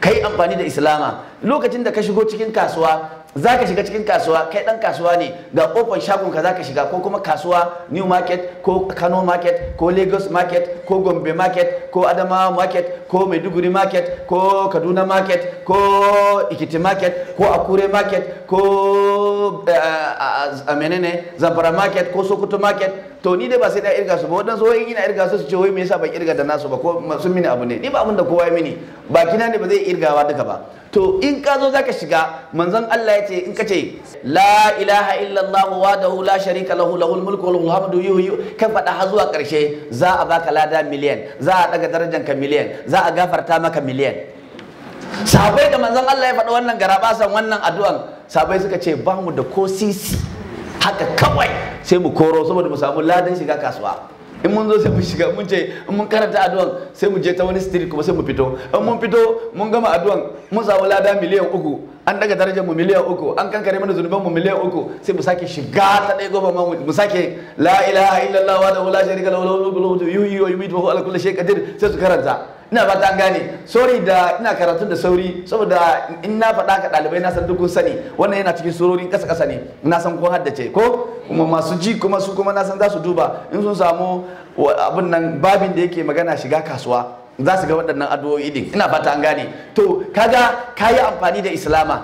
ka yi amfani da islama lokacin da ka shigo cikin kasuwa za ka shiga cikin kasuwa kai dan kasuwa ne ga kofar shagon ka za ka shiga ko kuma kasuwa new market ko kano market ko lagos market ko gombe market ko adamawa market ko maiduguri market ko kaduna market ko ikiti market ko akure market ko eh, menene zamfara market ko sokoto market to ni dai ba sai na irga su ba so wai ina irga su su ce wai me yasa ban irga da nasu ba ko sun mini abu ne ni ba abin da kowa ya mini ba kina ne ba zai irgawa duka ba to in ka zo zaka shiga manzon Allah ya ce in ka ce la ilaha illallah wa da la sharika lahu lahul mulku wa lahul hamdu yuhyi ka fada har zuwa karshe za a baka lada miliyan za a daga darajar ka miliyan za a gafarta maka miliyan sabai da manzon Allah ya faɗa wannan garaba san wannan addu'an sabai suka ce ba mu da ko sisi haka kawai sai mu koro saboda mu samu ladan shiga kasuwa in mun zo sai mu shiga mun ce in mun karanta addu'an sai mu je ta wani street kuma sai mu fito in mun fito mun gama addu'an mun samu lada miliyan uku an daga darajar mu miliyan uku an kankare mana zunuban mu miliyan uku sai mu sake shiga ta dai goma mu mu sake la ilaha illallah wa la sharika lahu lahu mulku wa yuhyi wa yumiitu wa huwa ala kulli shay'in qadir sai su karanta ina ba ta gane sorry da ina karatu da sauri saboda in na faɗa ka ɗalibai na san duk sani wannan yana cikin surori ƙasa ƙasa ne na san kun haddace ko kuma masu ji kuma su kuma na san za su duba in sun samu abin nan babin da yake magana shiga kasuwa za su ga waɗannan addu'o'i din ina ba an gane to kaga kayi amfani da islama